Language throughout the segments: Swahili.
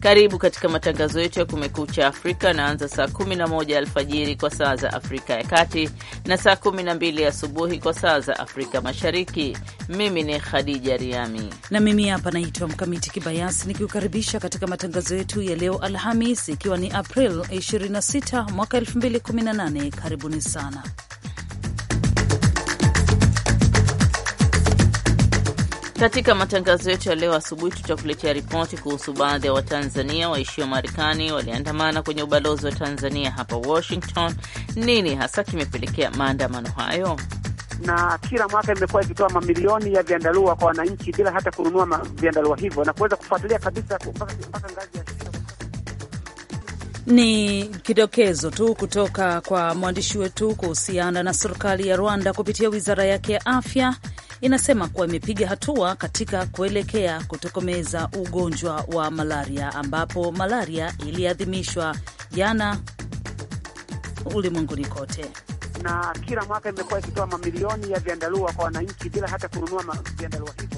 Karibu katika matangazo yetu ya Kumekucha Afrika naanza saa 11 alfajiri kwa saa za Afrika ya Kati na saa 12 asubuhi kwa saa za Afrika Mashariki. Mimi ni Khadija Riami na mimi hapa naitwa Mkamiti Kibayasi nikiukaribisha katika matangazo yetu ya leo Alhamis, ikiwa ni April 26 mwaka 2018. Karibuni sana Katika matangazo yetu ya leo asubuhi, tutakuletea ripoti kuhusu baadhi ya Watanzania waishio Marekani waliandamana kwenye ubalozi wa Tanzania hapa Washington. Nini hasa kimepelekea maandamano hayo? na kila mwaka imekuwa ikitoa mamilioni ya vyandarua kwa wananchi bila hata kununua vyandarua hivyo na kuweza kufuatilia kabisa mpaka ngazi ya ni kidokezo tu kutoka kwa mwandishi wetu kuhusiana na serikali ya Rwanda kupitia wizara yake ya afya inasema kuwa imepiga hatua katika kuelekea kutokomeza ugonjwa wa malaria, ambapo malaria iliadhimishwa jana ulimwenguni kote na kila mwaka imekuwa ikitoa mamilioni ya viandalua kwa wananchi bila hata kununua viandalua hivyo.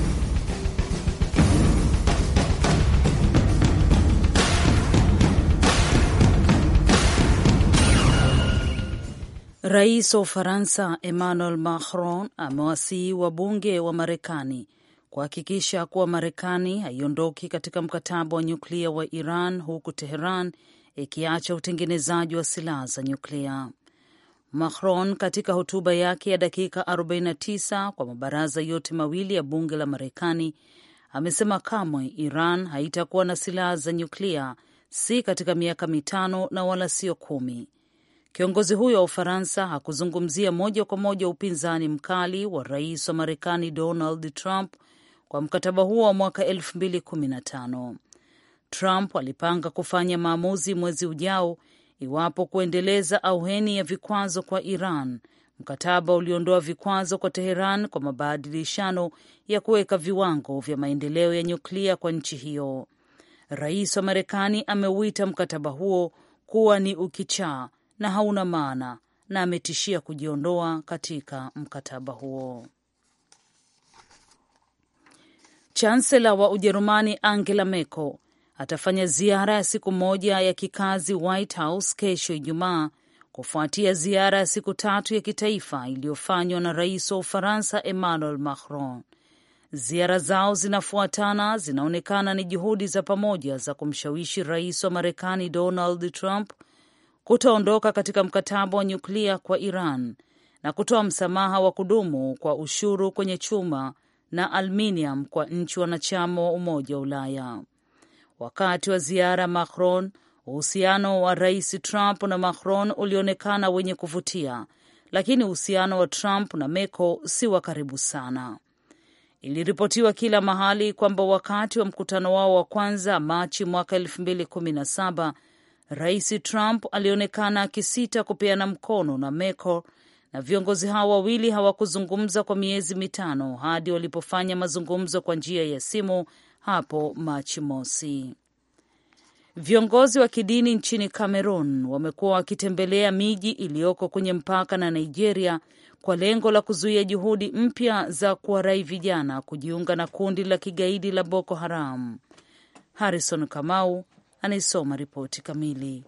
Rais wa Ufaransa Emmanuel Macron amewasihi wabunge wa Marekani kuhakikisha kuwa Marekani haiondoki katika mkataba wa nyuklia wa Iran, huku Teheran ikiacha utengenezaji wa silaha za nyuklia. Macron katika hotuba yake ya dakika 49 kwa mabaraza yote mawili ya bunge la Marekani amesema kamwe Iran haitakuwa na silaha za nyuklia, si katika miaka mitano na wala sio kumi. Kiongozi huyo wa Ufaransa hakuzungumzia moja kwa moja upinzani mkali wa rais wa Marekani Donald Trump kwa mkataba huo wa mwaka 2015. Trump alipanga kufanya maamuzi mwezi ujao iwapo kuendeleza auheni ya vikwazo kwa Iran. Mkataba uliondoa vikwazo kwa Teheran kwa mabadilishano ya kuweka viwango vya maendeleo ya nyuklia kwa nchi hiyo. Rais wa Marekani ameuita mkataba huo kuwa ni ukichaa na hauna maana na ametishia kujiondoa katika mkataba huo. Chansela wa Ujerumani Angela Merkel atafanya ziara ya siku moja ya kikazi White House kesho Ijumaa kufuatia ziara ya siku tatu ya kitaifa iliyofanywa na rais wa Ufaransa Emmanuel Macron. Ziara zao zinafuatana, zinaonekana ni juhudi za pamoja za kumshawishi rais wa Marekani Donald Trump kutoondoka katika mkataba wa nyuklia kwa Iran na kutoa msamaha wa kudumu kwa ushuru kwenye chuma na aluminium kwa nchi wanachama wa Umoja wa Ulaya. Wakati wa ziara Macron, uhusiano wa Rais Trump na Macron ulionekana wenye kuvutia, lakini uhusiano wa Trump na Meko si wa karibu sana. Iliripotiwa kila mahali kwamba wakati wa mkutano wao wa kwanza Machi mwaka 2017 Rais Trump alionekana akisita kupeana mkono na Merkel na viongozi hao wawili hawakuzungumza kwa miezi mitano hadi walipofanya mazungumzo kwa njia ya simu hapo Machi mosi. Viongozi wa kidini nchini Cameroon wamekuwa wakitembelea miji iliyoko kwenye mpaka na Nigeria kwa lengo la kuzuia juhudi mpya za kuwarai vijana kujiunga na kundi la kigaidi la Boko Haram. Harrison Kamau anayesoma ripoti kamili.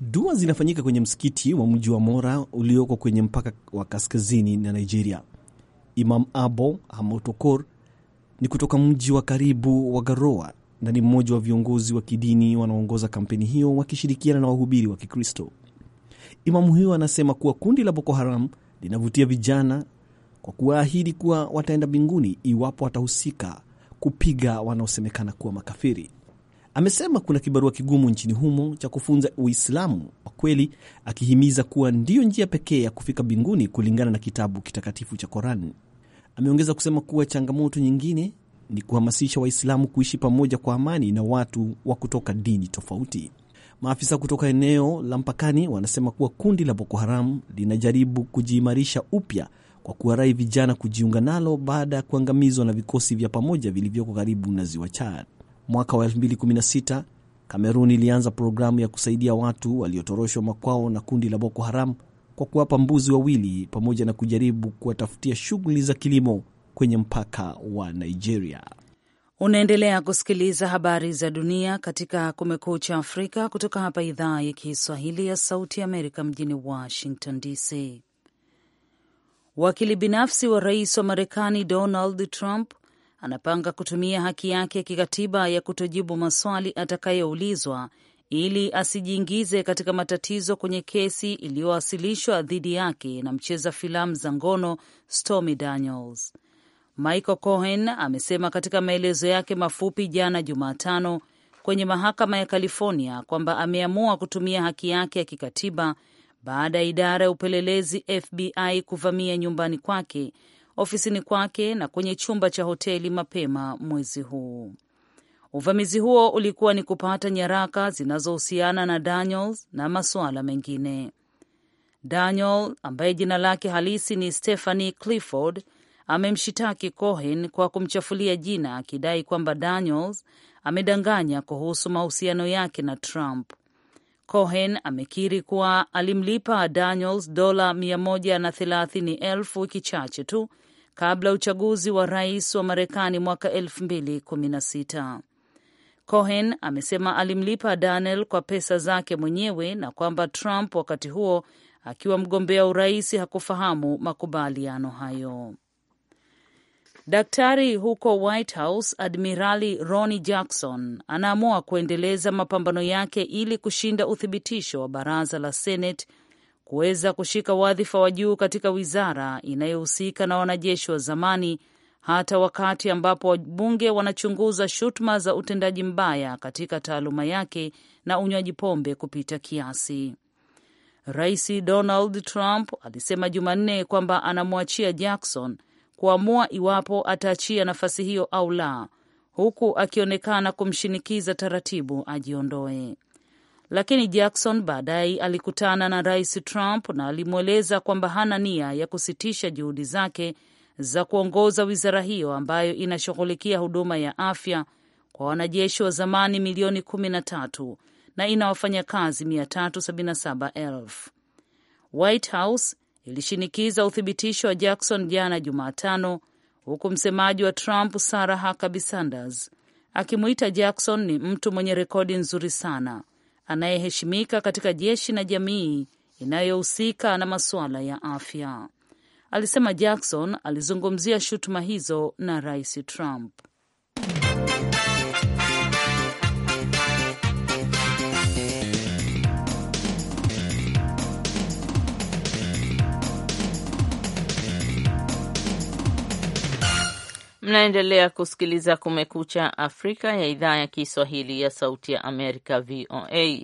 Dua zinafanyika kwenye msikiti wa mji wa Mora ulioko kwenye mpaka wa kaskazini na Nigeria. Imam Abo Hamotokor ni kutoka mji wa karibu wa Garoa na ni mmoja wa viongozi wa kidini wanaoongoza kampeni hiyo wakishirikiana na wahubiri wa Kikristo. Imamu huyo anasema kuwa kundi la Boko Haram linavutia vijana kwa kuwaahidi kuwa wataenda mbinguni iwapo watahusika kupiga wanaosemekana kuwa makafiri. Amesema kuna kibarua kigumu nchini humo cha kufunza Uislamu wa kweli, akihimiza kuwa ndiyo njia pekee ya kufika mbinguni kulingana na kitabu kitakatifu cha Koran. Ameongeza kusema kuwa changamoto nyingine ni kuhamasisha Waislamu kuishi pamoja kwa amani na watu wa kutoka dini tofauti. Maafisa kutoka eneo la mpakani wanasema kuwa kundi la Boko Haram linajaribu kujiimarisha upya kwa kuwarai vijana kujiunga nalo baada ya kuangamizwa na vikosi vya pamoja vilivyoko karibu na ziwa Chad. Mwaka wa 2016 Kamerun ilianza programu ya kusaidia watu waliotoroshwa makwao na kundi la Boko Haram kwa kuwapa mbuzi wawili pamoja na kujaribu kuwatafutia shughuli za kilimo kwenye mpaka wa Nigeria. Unaendelea kusikiliza habari za dunia katika Kumekucha Afrika kutoka hapa idhaa ya Kiswahili ya Sauti Amerika mjini Washington DC. Wakili binafsi wa rais wa Marekani Donald Trump anapanga kutumia haki yake ya kikatiba ya kutojibu maswali atakayoulizwa ili asijiingize katika matatizo kwenye kesi iliyowasilishwa dhidi yake na mcheza filamu za ngono Stormy Daniels. Michael Cohen amesema katika maelezo yake mafupi jana Jumatano kwenye mahakama ya California kwamba ameamua kutumia haki yake ya kikatiba baada ya idara ya upelelezi FBI kuvamia nyumbani kwake ofisini kwake na kwenye chumba cha hoteli mapema mwezi huu. Uvamizi huo ulikuwa ni kupata nyaraka zinazohusiana na Daniels na masuala mengine. Daniel ambaye jina lake halisi ni Stephanie Clifford amemshitaki Cohen kwa kumchafulia jina akidai kwamba Daniels amedanganya kuhusu mahusiano yake na Trump. Cohen amekiri kuwa alimlipa Daniels dola mia moja na thelathini elfu wiki chache tu kabla uchaguzi wa rais wa Marekani mwaka 2016. Cohen amesema alimlipa Daniel kwa pesa zake mwenyewe na kwamba Trump wakati huo akiwa mgombea urais hakufahamu makubaliano hayo. Daktari huko White House Admirali Ronnie Jackson anaamua kuendeleza mapambano yake ili kushinda uthibitisho wa baraza la Senate kuweza kushika wadhifa wa juu katika wizara inayohusika na wanajeshi wa zamani, hata wakati ambapo wabunge wanachunguza shutuma za utendaji mbaya katika taaluma yake na unywaji pombe kupita kiasi. Rais Donald Trump alisema Jumanne kwamba anamwachia Jackson kuamua iwapo ataachia nafasi hiyo au la, huku akionekana kumshinikiza taratibu ajiondoe lakini Jackson baadaye alikutana na Rais Trump na alimweleza kwamba hana nia ya kusitisha juhudi zake za kuongoza wizara hiyo ambayo inashughulikia huduma ya afya kwa wanajeshi wa zamani milioni 13 na ina wafanyakazi 377,000. White House ilishinikiza uthibitisho wa Jackson jana Jumatano, huku msemaji wa Trump Sarah Huckabee Sanders akimwita Jackson ni mtu mwenye rekodi nzuri sana anayeheshimika katika jeshi na jamii inayohusika na masuala ya afya. Alisema Jackson alizungumzia shutuma hizo na Rais Trump. Mnaendelea kusikiliza Kumekucha Afrika ya idhaa ya Kiswahili ya Sauti ya Amerika, VOA.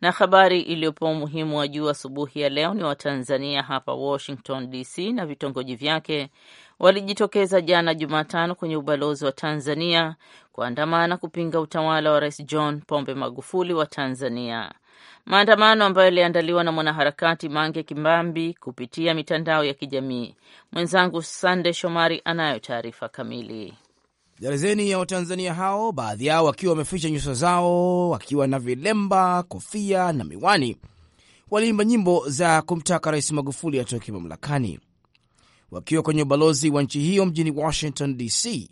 Na habari iliyopo umuhimu wa juu asubuhi ya leo ni Watanzania hapa Washington DC na vitongoji vyake walijitokeza jana Jumatano kwenye ubalozi wa Tanzania kuandamana kupinga utawala wa Rais John Pombe Magufuli wa Tanzania maandamano ambayo yaliandaliwa na mwanaharakati Mange kimbambi kupitia mitandao ya kijamii. Mwenzangu Sande Shomari anayo taarifa kamili. Darazeni ya Watanzania hao, baadhi yao wakiwa wameficha nyuso zao, wakiwa na vilemba, kofia na miwani, waliimba nyimbo za kumtaka Rais Magufuli atoke mamlakani. Wakiwa kwenye ubalozi wa nchi hiyo mjini Washington DC,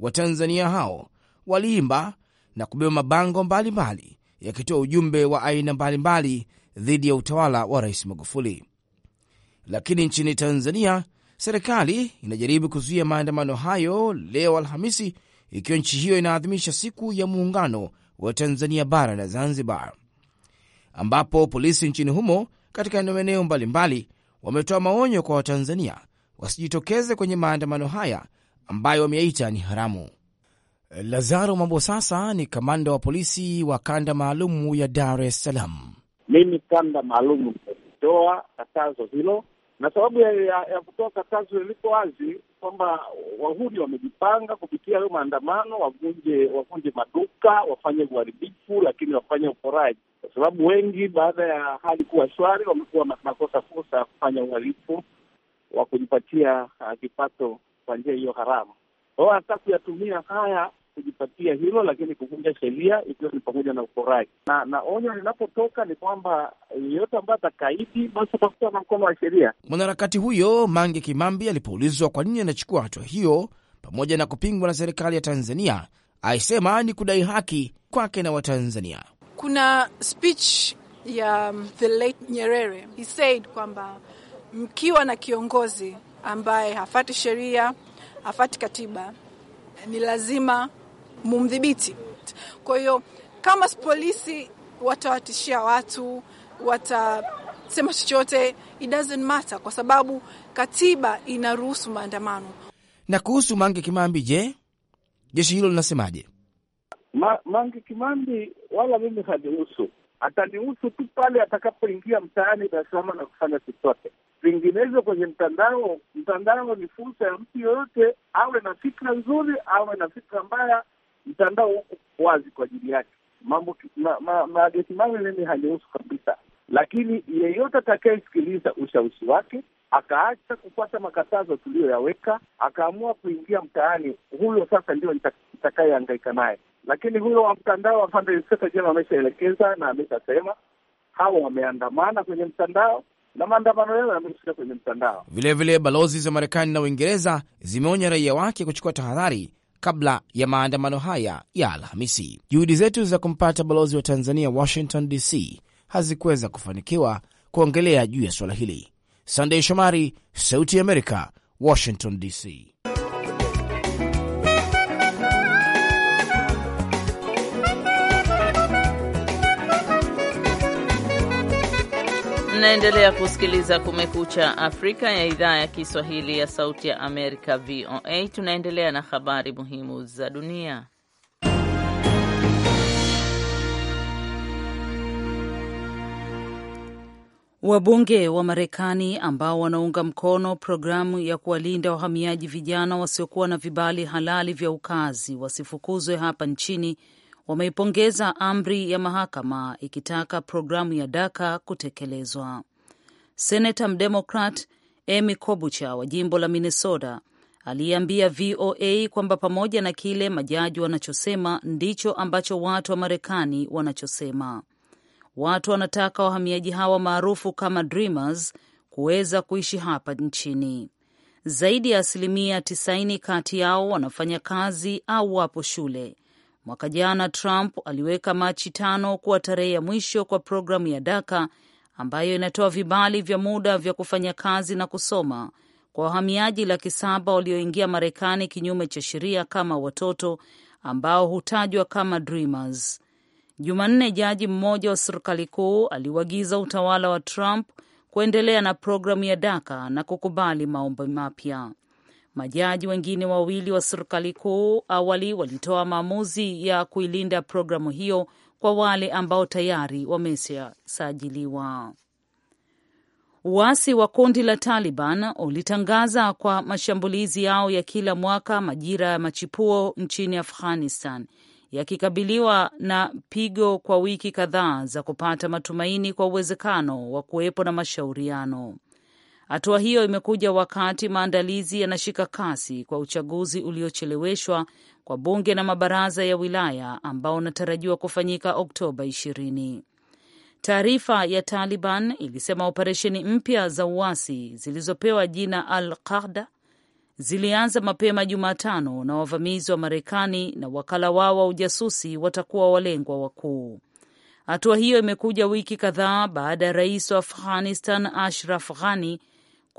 Watanzania hao waliimba na kubeba mabango mbalimbali yakitoa ujumbe wa aina mbalimbali dhidi ya utawala wa Rais Magufuli. Lakini nchini Tanzania, serikali inajaribu kuzuia maandamano hayo leo Alhamisi, ikiwa nchi hiyo inaadhimisha siku ya muungano wa Tanzania bara na Zanzibar, ambapo polisi nchini humo katika maeneo mbalimbali wametoa maonyo kwa Watanzania wasijitokeze kwenye maandamano haya ambayo wameyaita ni haramu. Lazaro mambo sasa ni kamanda wa polisi wa kanda maalumu ya Dar es Salaam. Mimi kanda maalum imetoa katazo hilo, na sababu ya, ya, ya kutoa katazo liko wazi kwamba wahudi wamejipanga kupitia hayo maandamano, wavunje wavunje maduka, wafanye uharibifu, lakini wafanye uporaji, kwa sababu wengi baada ya hali kuwa shwari wamekuwa makosa fursa ya kufanya uharifu wa kujipatia ah, kipato kwa njia hiyo haramu. Wanataka kuyatumia haya kujipatia hilo, lakini kuvunja sheria ikiwa ni pamoja na uporaji. Na na onyo linapotoka ni kwamba yeyote ambaye atakaidi basi atakuta na mkono wa sheria. Mwanaharakati huyo Mange Kimambi alipoulizwa kwa nini anachukua hatua hiyo pamoja na kupingwa na serikali ya Tanzania, aisema ni kudai haki kwake na Watanzania. Kuna speech ya um, the late Nyerere, he said kwamba mkiwa na kiongozi ambaye hafati sheria hafati katiba, ni lazima mumdhibiti. Kwa hiyo kama polisi watawatishia watu, watasema chochote, it doesn't matter, kwa sababu katiba inaruhusu maandamano. Na kuhusu Mange Kimambi, je, jeshi hilo linasemaje? Ma, Mange Kimambi wala mimi hanihusu, atanihusu tu pale atakapoingia mtaani Dar es Salaam na kufanya chochote vinginevyo kwenye mtandao. Mtandao ni fursa ya mtu yoyote, awe na fikra nzuri, awe na fikra mbaya, mtandao huko wazi kwa ajili yake. Mambo mageti ma, ma, mawe mimi halihusu kabisa, lakini yeyote atakayesikiliza ushawishi wake akaacha kufuata makatazo tuliyoyaweka akaamua kuingia mtaani, huyo sasa ndio itakayeangaika naye. Lakini huyo wa mtandao, afande ameshaelekeza na ameshasema hawa wameandamana kwenye mtandao na maandamano yao yamesika kwenye mtandao. Vilevile, balozi za Marekani na Uingereza zimeonya raia wake kuchukua tahadhari kabla ya maandamano haya ya Alhamisi. Juhudi zetu za kumpata balozi wa Tanzania Washington DC hazikuweza kufanikiwa kuongelea juu ya suala hili. Sandey Shomari, Sauti ya Amerika, Washington DC. Mnaendelea kusikiliza Kumekucha Afrika ya idhaa ya Kiswahili ya Sauti ya Amerika, VOA. Tunaendelea na habari muhimu za dunia. Wabunge wa Marekani ambao wanaunga mkono programu ya kuwalinda wahamiaji vijana wasiokuwa na vibali halali vya ukazi wasifukuzwe hapa nchini wameipongeza amri ya mahakama ikitaka programu ya daka kutekelezwa. Senata mdemokrat Amy Klobuchar wa jimbo la Minnesota aliyeambia VOA kwamba pamoja na kile majaji wanachosema ndicho ambacho watu wa Marekani wanachosema. Watu wanataka wahamiaji hawa maarufu kama dreamers kuweza kuishi hapa nchini. Zaidi ya asilimia 90 kati yao wanafanya kazi au wapo shule, Mwaka jana Trump aliweka Machi tano kuwa tarehe ya mwisho kwa programu ya DACA ambayo inatoa vibali vya muda vya kufanya kazi na kusoma kwa wahamiaji laki saba walioingia Marekani kinyume cha sheria kama watoto ambao hutajwa kama dreamers. Jumanne, jaji mmoja wa serikali kuu aliuagiza utawala wa Trump kuendelea na programu ya DACA na kukubali maombi mapya. Majaji wengine wawili wa serikali kuu awali walitoa maamuzi ya kuilinda programu hiyo kwa wale ambao tayari wameshasajiliwa. Uasi wa kundi la Taliban ulitangaza kwa mashambulizi yao ya kila mwaka majira ya machipuo nchini Afghanistan, yakikabiliwa na pigo kwa wiki kadhaa za kupata matumaini kwa uwezekano wa kuwepo na mashauriano. Hatua hiyo imekuja wakati maandalizi yanashika kasi kwa uchaguzi uliocheleweshwa kwa bunge na mabaraza ya wilaya ambao unatarajiwa kufanyika Oktoba ishirini. Taarifa ya Taliban ilisema operesheni mpya za uasi zilizopewa jina Al Qarda zilianza mapema Jumatano na wavamizi wa Marekani na wakala wao wa ujasusi watakuwa walengwa wakuu. Hatua hiyo imekuja wiki kadhaa baada ya rais wa Afghanistan Ashraf Ghani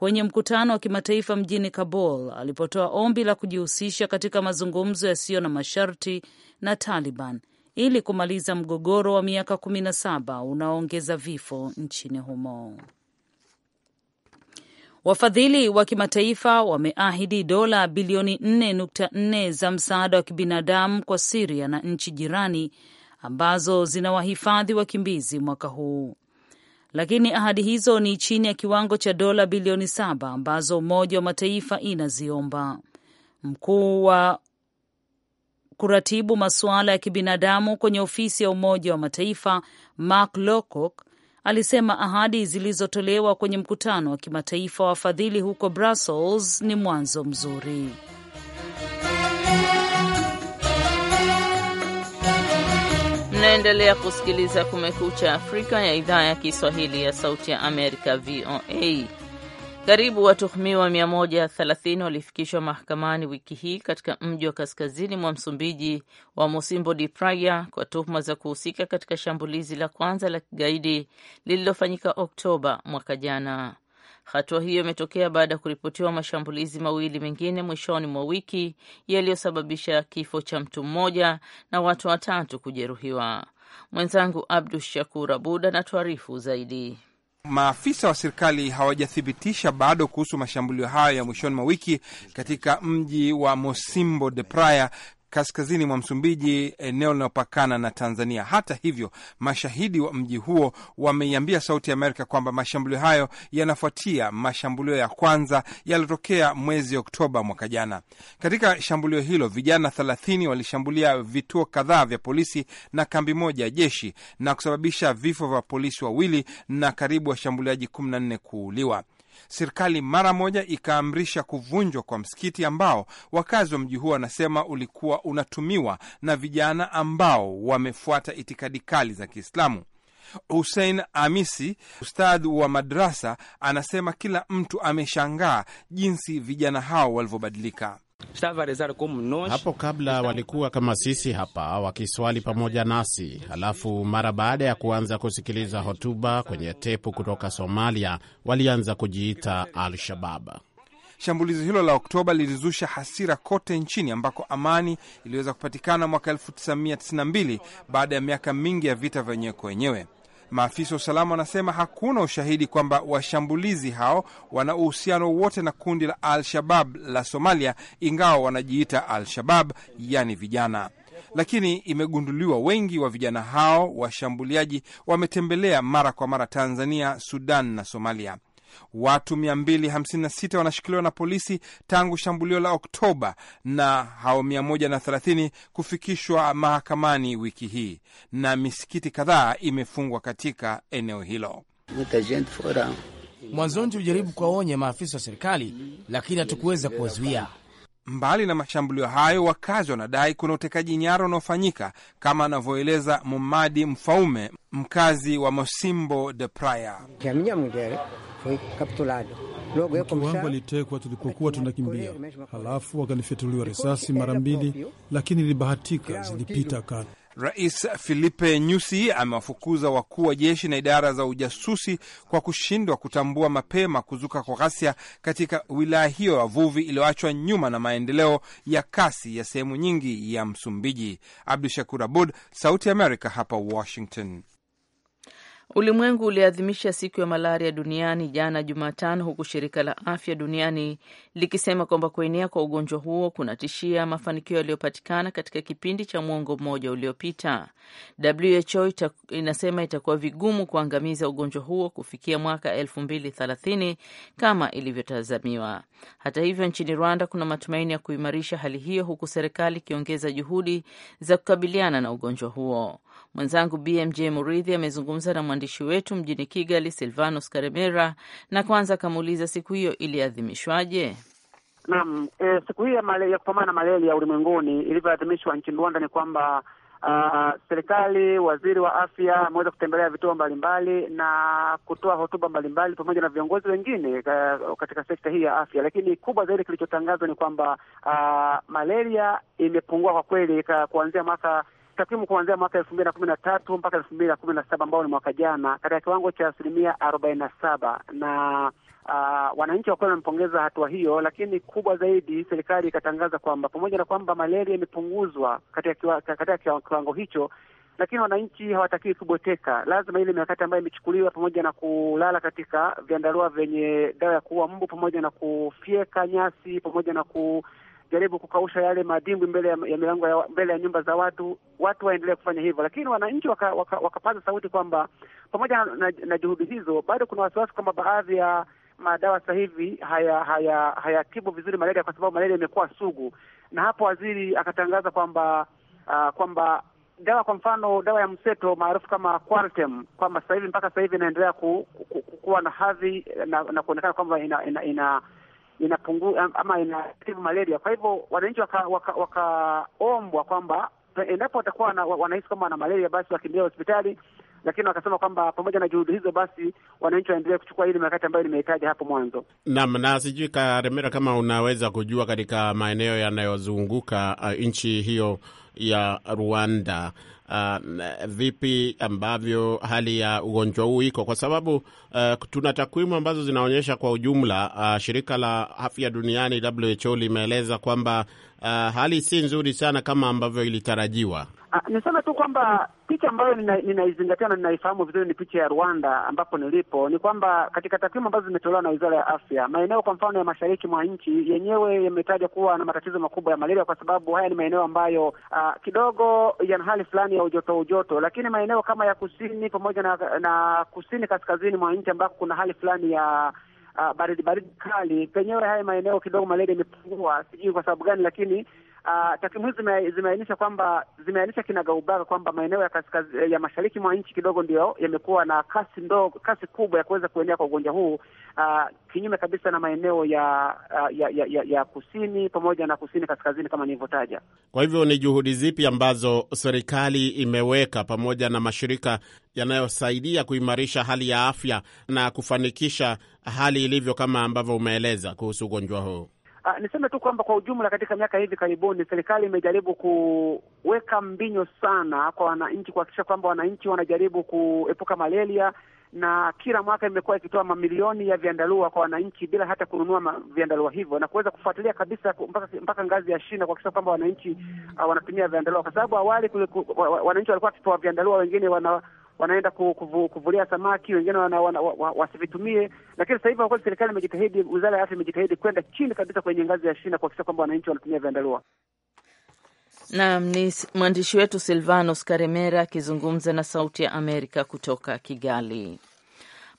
kwenye mkutano wa kimataifa mjini Kabul alipotoa ombi la kujihusisha katika mazungumzo yasiyo na masharti na Taliban ili kumaliza mgogoro wa miaka 17 unaoongeza vifo nchini humo. Wafadhili wa kimataifa wameahidi dola bilioni 4.4 za msaada wa kibinadamu kwa Siria na nchi jirani ambazo zinawahifadhi wakimbizi mwaka huu lakini ahadi hizo ni chini ya kiwango cha dola bilioni saba ambazo Umoja wa Mataifa inaziomba. Mkuu wa kuratibu masuala ya kibinadamu kwenye ofisi ya Umoja wa Mataifa Mark Lowcock alisema ahadi zilizotolewa kwenye mkutano wa kimataifa wa wafadhili huko Brussels ni mwanzo mzuri. Mnaendelea kusikiliza Kumekucha Afrika ya idhaa ya Kiswahili ya Sauti ya Amerika, VOA. Karibu watuhumiwa 130 walifikishwa mahakamani wiki hii katika mji wa kaskazini mwa Msumbiji wa Mocimbo de Praia kwa tuhuma za kuhusika katika shambulizi la kwanza la kigaidi lililofanyika Oktoba mwaka jana. Hatua hiyo imetokea baada ya kuripotiwa mashambulizi mawili mengine mwishoni mwa wiki yaliyosababisha kifo cha mtu mmoja na watu watatu kujeruhiwa. Mwenzangu Abdu Shakur Abud anatuarifu zaidi. Maafisa wa serikali hawajathibitisha bado kuhusu mashambulio hayo ya mwishoni mwa wiki katika mji wa Mosimbo de Praia kaskazini mwa Msumbiji, eneo linalopakana na Tanzania. Hata hivyo, mashahidi wa mji huo wameiambia Sauti ya Amerika kwamba mashambulio hayo yanafuatia mashambulio ya kwanza yaliyotokea mwezi Oktoba mwaka jana. Katika shambulio hilo, vijana thelathini walishambulia vituo kadhaa vya polisi na kambi moja ya jeshi na kusababisha vifo vya polisi wawili na karibu washambuliaji kumi nne kuuliwa. Serikali mara moja ikaamrisha kuvunjwa kwa msikiti ambao wakazi wa mji huo wanasema ulikuwa unatumiwa na vijana ambao wamefuata itikadi kali za Kiislamu. Hussein Amisi, ustadhi wa madrasa, anasema kila mtu ameshangaa jinsi vijana hao walivyobadilika. Hapo kabla walikuwa kama sisi hapa wakiswali pamoja nasi, halafu mara baada ya kuanza kusikiliza hotuba kwenye tepu kutoka Somalia walianza kujiita Al-Shabab. Shambulizi hilo la Oktoba lilizusha hasira kote nchini ambako amani iliweza kupatikana mwaka 1992 baada ya miaka mingi ya vita vya wenyewe kwa wenyewe. Maafisa wa usalama wanasema hakuna ushahidi kwamba washambulizi hao wana uhusiano wote na kundi la Al-Shabab la Somalia, ingawa wanajiita Al-Shabab yani vijana lakini imegunduliwa wengi wa vijana hao washambuliaji wametembelea mara kwa mara Tanzania, Sudan na Somalia. Watu 256 wanashikiliwa na polisi tangu shambulio la Oktoba na hao 130 kufikishwa mahakamani wiki hii, na misikiti kadhaa imefungwa katika eneo hilo. Mwanzoni tulijaribu kuwaonya maafisa wa serikali, lakini hatukuweza kuwazuia. Mbali na mashambulio hayo, wakazi wanadai kuna utekaji nyara unaofanyika, kama anavyoeleza Mumadi Mfaume, mkazi wa Mosimbo de Praia. Mtu wangu alitekwa tulipokuwa tunakimbia, halafu wakanifyatuliwa risasi mara mbili, lakini nilibahatika, zilipita kati. Rais Filipe Nyusi amewafukuza wakuu wa jeshi na idara za ujasusi kwa kushindwa kutambua mapema kuzuka kwa ghasia katika wilaya hiyo ya wavuvi iliyoachwa nyuma na maendeleo ya kasi ya sehemu nyingi ya Msumbiji. Abdu Shakur Abud, Sauti ya Amerika, hapa Washington. Ulimwengu uliadhimisha siku ya malaria duniani jana Jumatano, huku shirika la afya duniani likisema kwamba kuenea kwa ugonjwa huo kunatishia mafanikio yaliyopatikana katika kipindi cha mwongo mmoja uliopita. WHO ita, inasema itakuwa vigumu kuangamiza ugonjwa huo kufikia mwaka elfu mbili kama ilivyotazamiwa. Hata hivyo, nchini Rwanda kuna matumaini ya kuimarisha hali hiyo, huku serikali ikiongeza juhudi za kukabiliana na ugonjwa huo. Mwenzangu BMJ Muridhi amezungumza na mwandishi wetu mjini Kigali, Silvanus Karemera, na kwanza akamuuliza siku hiyo iliadhimishwaje? Naam, e, siku hii ya kupambana na malaria ulimwenguni ilivyoadhimishwa nchini Rwanda ni kwamba Uh, serikali, waziri wa afya ameweza kutembelea vituo mbalimbali na kutoa hotuba mbalimbali pamoja na viongozi wengine uh, katika sekta hii ya afya, lakini kubwa zaidi kilichotangazwa ni kwamba uh, malaria imepungua kwa kweli kuanzia mwaka takwimu kuanzia mwaka elfu mbili na kumi na tatu mpaka elfu mbili na kumi na saba ambao ni mwaka jana, katika kiwango cha asilimia arobaini na saba na uh, wananchi wakuwa wamepongeza hatua hiyo, lakini kubwa zaidi serikali ikatangaza kwamba pamoja na kwamba malaria imepunguzwa katika kiwa, kiwango hicho lakini wananchi hawatakiwi kuboteka Lazima ile mikakati ambayo imechukuliwa pamoja na kulala katika vyandarua vyenye dawa ya kuua mbu pamoja na kufyeka nyasi pamoja na ku jaribu kukausha yale madimbwi mbele ya, ya milango ya, mbele ya nyumba za watu. Watu waendelee kufanya hivyo, lakini wananchi wakapaza waka, waka sauti kwamba pamoja na, na, na juhudi hizo bado kuna wasiwasi kwamba baadhi ya madawa sasa hivi haya haya, hayatibu vizuri malaria kwa sababu malaria imekuwa sugu, na hapo waziri akatangaza kwamba uh, kwamba dawa kwa mfano dawa ya mseto maarufu kama Qualtem kwamba sasa hivi mpaka sasa hivi inaendelea ku, ku, ku, kuwa na hadhi na, na kuonekana kwamba ina, ina, ina, ina inapunguza ama inatibu malaria. Kwa hivyo wananchi wakaombwa waka, waka kwamba endapo watakuwa wana, wanahisi kama wana malaria basi wakimbia hospitali, lakini wakasema kwamba pamoja na juhudi hizo, basi wananchi waendelee kuchukua ile mikakati ambayo limehitaji hapo mwanzo. Naam, na sijui Karemera, kama unaweza kujua katika maeneo yanayozunguka uh, nchi hiyo ya Rwanda uh, vipi ambavyo hali ya ugonjwa huu iko, kwa sababu uh, tuna takwimu ambazo zinaonyesha kwa ujumla, uh, shirika la afya duniani WHO limeeleza kwamba uh, hali si nzuri sana kama ambavyo ilitarajiwa. Ah, niseme tu kwamba picha ambayo ninaizingatia nina na ninaifahamu vizuri ni picha ya Rwanda ambapo nilipo, ni kwamba katika takwimu ambazo zimetolewa na Wizara ya Afya, maeneo kwa mfano ya mashariki mwa nchi yenyewe yametaja kuwa na matatizo makubwa ya malaria, kwa sababu haya ni maeneo ambayo uh, kidogo yana hali fulani ya ujoto ujoto, lakini maeneo kama ya kusini pamoja na, na kusini kaskazini mwa nchi ambako kuna hali fulani ya uh, baridi baridi kali. Penyewe haya maeneo kidogo malaria imepungua, sijui kwa sababu gani, lakini Uh, takwimu hizi zimeainisha kwamba zimeainisha kinagaubaga kwamba maeneo ya eh, ya mashariki mwa nchi kidogo ndio yamekuwa na kasi ndogo, kasi kubwa ya kuweza kuenea kwa ugonjwa huu uh, kinyume kabisa na maeneo ya, ah, ya, ya, ya, ya kusini pamoja na kusini kaskazini kama nilivyotaja. Kwa hivyo ni juhudi zipi ambazo serikali imeweka pamoja na mashirika yanayosaidia kuimarisha hali ya afya na kufanikisha hali ilivyo kama ambavyo umeeleza kuhusu ugonjwa huu? Uh, niseme tu kwamba kwa ujumla katika miaka hivi karibuni serikali imejaribu kuweka mbinyo sana kwa wananchi kuhakikisha kwamba wananchi wanajaribu kuepuka malaria, na kila mwaka imekuwa ikitoa mamilioni ya viandarua kwa wananchi bila hata kununua viandarua hivyo, na kuweza kufuatilia kabisa mpaka, mpaka ngazi ya shina kuhakikisha kwamba wananchi uh, wanatumia viandalua kwa sababu awali wananchi walikuwa wakitoa viandarua, wengine wana wanaenda kuvu, kuvulia samaki, wengine wana, wana, wasivitumie. Lakini sasa hivi kwa kweli serikali imejitahidi, wizara ya afya imejitahidi kwenda chini kabisa kwenye ngazi ya shina kuhakikisha kwamba wananchi wanatumia vyandarua. Naam, ni mwandishi wetu Silvanos Karemera akizungumza na Sauti ya Amerika kutoka Kigali.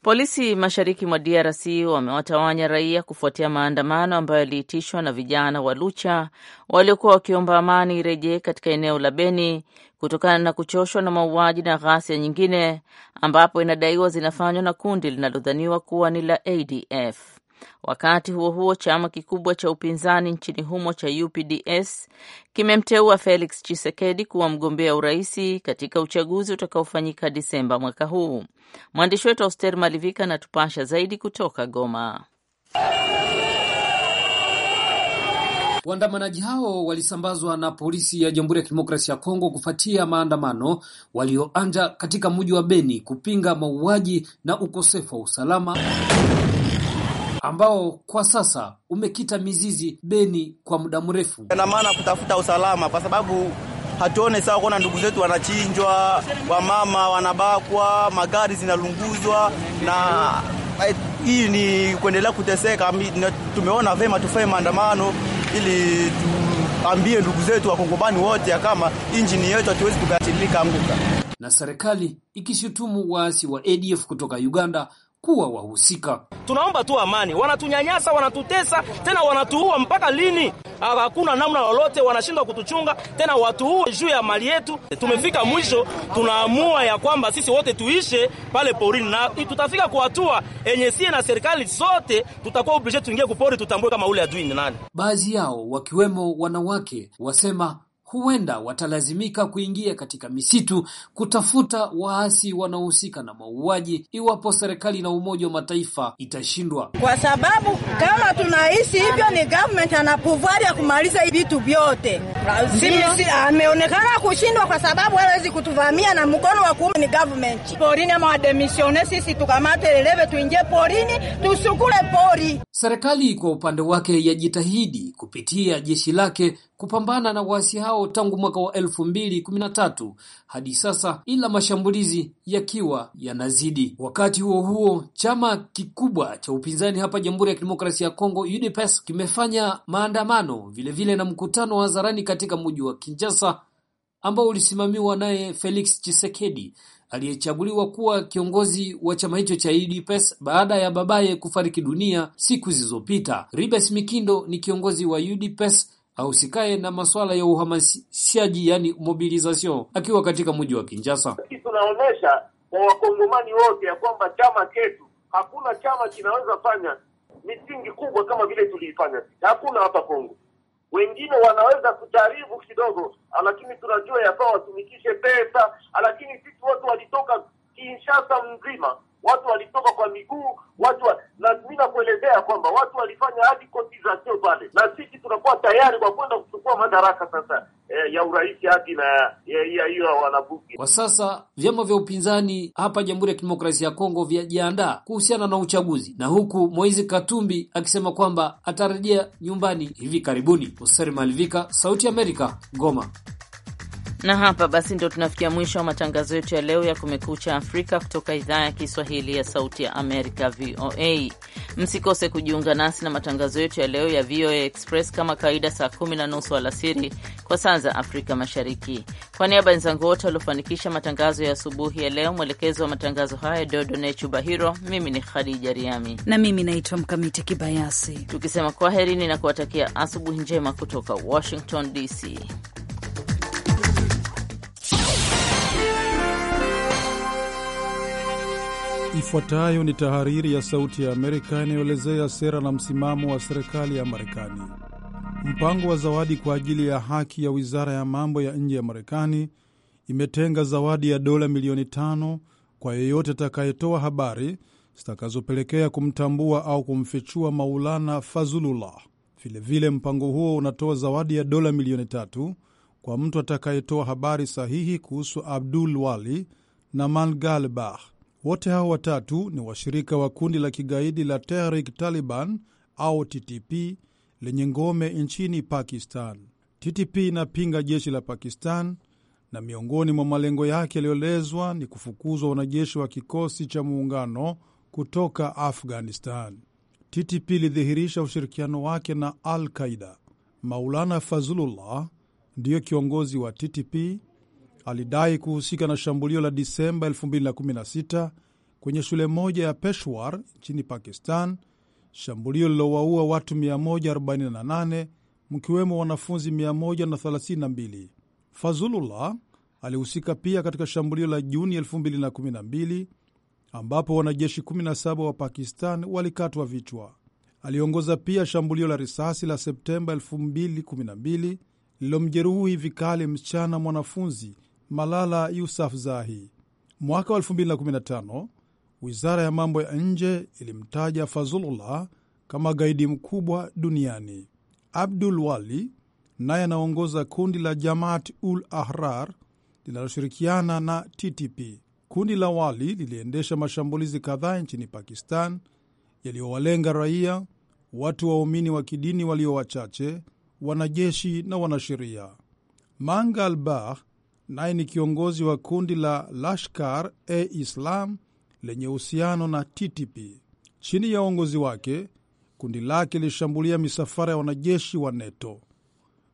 Polisi mashariki mwa DRC wamewatawanya raia kufuatia maandamano ambayo yaliitishwa na vijana wa Lucha waliokuwa wakiomba amani irejee katika eneo la Beni kutokana na kuchoshwa na mauaji na ghasia nyingine ambapo inadaiwa zinafanywa na kundi linalodhaniwa kuwa ni la ADF. Wakati huo huo, chama kikubwa cha upinzani nchini humo cha UPDS kimemteua Felix Chisekedi kuwa mgombea uraisi katika uchaguzi utakaofanyika Disemba mwaka huu. Mwandishi wetu Auster Malivika anatupasha zaidi kutoka Goma. Waandamanaji hao walisambazwa na polisi ya Jamhuri ya Kidemokrasia ya Kongo kufuatia maandamano walioanza katika mji wa Beni kupinga mauaji na ukosefu wa usalama ambao kwa sasa umekita mizizi Beni kwa muda mrefu. Ina maana kutafuta usalama, kwa sababu hatuone sawa kuona ndugu zetu wanachinjwa, wamama wanabakwa, magari zinalunguzwa na eh, hii ni kuendelea kuteseka. Tumeona vema tufanye maandamano ili tuambie ndugu zetu wakongomani wote ya kama injini yetu hatuwezi kubatilika anguka. Na serikali ikishutumu waasi wa ADF kutoka Uganda kuwa wahusika. Tunaomba tu amani. Wanatunyanyasa, wanatutesa, tena wanatuua. Mpaka lini? Ah, hakuna namna lolote, wanashindwa kutuchunga tena, watuue juu ya mali yetu. Tumefika mwisho, tunaamua ya kwamba sisi wote tuishe pale porini, na tutafika kwa hatua enye sie na serikali zote tutakuwa oblige tuingie kupori, tutambue kama ule adui ni nani. Baadhi yao wakiwemo wanawake wasema huenda watalazimika kuingia katika misitu kutafuta waasi wanaohusika na mauaji iwapo serikali na Umoja wa Mataifa itashindwa, kwa sababu kama tunahisi hivyo ni government ana puvari ya kumaliza vitu vyote. Ameonekana kushindwa kwa sababu hawezi kutuvamia na mkono wa kuume ni government porini, ama wademisione sisi tukamate leleve, tuingie porini, tusukule pori. Serikali kwa upande wake yajitahidi kupitia jeshi lake kupambana na waasi hao tangu mwaka wa 2013 hadi sasa, ila mashambulizi yakiwa yanazidi. Wakati huo huo, chama kikubwa cha upinzani hapa Jamhuri ya Kidemokrasia ya Kongo UDPS kimefanya maandamano vilevile vile na mkutano wa hadharani katika mji wa Kinshasa ambao ulisimamiwa naye Felix chisekedi aliyechaguliwa kuwa kiongozi wa chama hicho cha UDPS baada ya babaye kufariki dunia siku zilizopita. Ribes Mikindo ni kiongozi wa UDPS ahusikaye na masuala ya uhamasishaji yani mobilization akiwa katika mji wa Kinshasa. tunaonesha kwa wakongomani wote ya kwamba chama chetu, hakuna chama kinaweza fanya misingi kubwa kama vile tuliifanya, hakuna hapa Kongo. Wengine wanaweza kujaribu kidogo, lakini tunajua yafaa watumikishe pesa, lakini sisi watu walitoka Kinshasa mzima watu walitoka kwa miguu watu wa... na mimi nakuelezea kwamba watu walifanya hadi kotisation pale, na sisi tunakuwa tayari kwa kwenda kuchukua madaraka sasa eh, ya urais hadi na hiyo wanabuki. Kwa sasa vyama vya upinzani hapa Jamhuri ya Kidemokrasia ya Kongo vyajiandaa kuhusiana na uchaguzi, na huku Moizi Katumbi akisema kwamba atarejea nyumbani hivi karibuni. Hoser Malivika, Sauti ya Amerika, Goma. Na hapa basi ndio tunafikia mwisho wa matangazo yetu ya leo ya Kumekucha Afrika kutoka idhaa ya Kiswahili ya Sauti ya Amerika, VOA. Msikose kujiunga nasi na matangazo yetu ya leo ya VOA Express kama kawaida, saa kumi na nusu alasiri kwa saa za Afrika Mashariki. Kwa niaba ya wenzangu wote waliofanikisha matangazo ya asubuhi ya leo, mwelekezo wa matangazo haya dodo Nechu Chubahiro, mimi ni Khadija Riami na mimi naitwa Mkamiti Kibayasi, tukisema kwaherini na kuwatakia asubuhi njema kutoka Washington DC. Ifuatayo ni tahariri ya Sauti ya Amerika inayoelezea sera na msimamo wa serikali ya Marekani. Mpango wa zawadi kwa ajili ya haki ya wizara ya mambo ya nje ya Marekani imetenga zawadi ya dola milioni tano kwa yeyote atakayetoa habari zitakazopelekea kumtambua au kumfichua Maulana Fazulullah. Vilevile, mpango huo unatoa zawadi ya dola milioni tatu kwa mtu atakayetoa habari sahihi kuhusu Abdul Wali na Mangal Bah wote hao watatu ni washirika wa kundi la kigaidi la Tehrik Taliban au TTP lenye ngome nchini Pakistan. TTP inapinga jeshi la Pakistan na miongoni mwa malengo yake yaliyoelezwa ni kufukuzwa wanajeshi wa kikosi cha muungano kutoka Afghanistan. TTP ilidhihirisha ushirikiano wake na Al Qaida. Maulana Fazlullah ndiyo kiongozi wa TTP alidai kuhusika na shambulio la Disemba 2016 kwenye shule moja ya peshwar nchini Pakistan, shambulio lilowaua watu 148 mkiwemo wanafunzi 132. Fazulullah alihusika pia katika shambulio la Juni 2012 ambapo wanajeshi 17 wa Pakistan walikatwa vichwa. Aliongoza pia shambulio la risasi la Septemba 2012 lilomjeruhi vikali msichana mwanafunzi Malala Yousafzai. Mwaka wa 2015 wizara ya mambo ya nje ilimtaja Fazulullah kama gaidi mkubwa duniani. Abdul Wali naye anaongoza kundi la Jamaat ul Ahrar linaloshirikiana na TTP. Kundi la Wali liliendesha mashambulizi kadhaa nchini Pakistan yaliyowalenga raia, watu waumini wa kidini walio wachache, wanajeshi na wanasheria. Mangal Bah naye ni kiongozi wa kundi la Lashkar e Islam lenye uhusiano na TTP. Chini ya uongozi wake, kundi lake lilishambulia misafara ya wanajeshi wa NATO.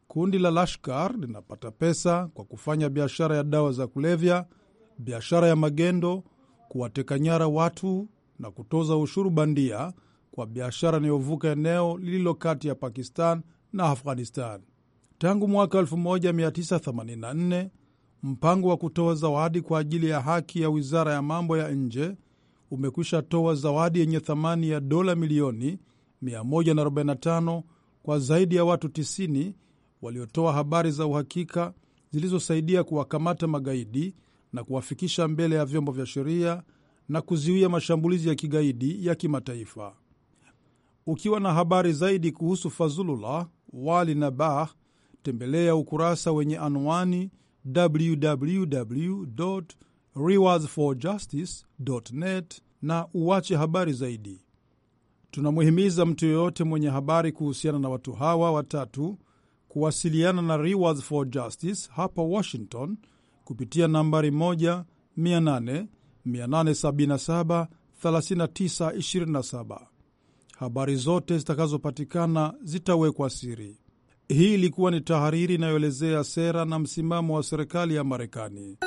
Kundi la Lashkar linapata pesa kwa kufanya biashara ya dawa za kulevya, biashara ya magendo, kuwateka nyara watu na kutoza ushuru bandia kwa biashara inayovuka eneo lililo kati ya Pakistan na Afghanistan. Tangu mwaka 1984 Mpango wa kutoa zawadi kwa ajili ya haki ya wizara ya mambo ya nje umekwisha toa zawadi yenye thamani ya dola milioni 145 kwa zaidi ya watu 90 waliotoa habari za uhakika zilizosaidia kuwakamata magaidi na kuwafikisha mbele ya vyombo vya sheria na kuziwia mashambulizi ya kigaidi ya kimataifa. Ukiwa na habari zaidi kuhusu Fazulullah Wali na Bah, tembelea ukurasa wenye anwani www.rewardsforjustice.net na uwache habari zaidi. tunamuhimiza mtu yoyote mwenye habari kuhusiana na watu hawa watatu kuwasiliana na Rewards for Justice hapa Washington kupitia nambari 1 877 3927. Habari zote zitakazopatikana zitawekwa siri. Hii ilikuwa ni tahariri inayoelezea sera na msimamo wa serikali ya Marekani.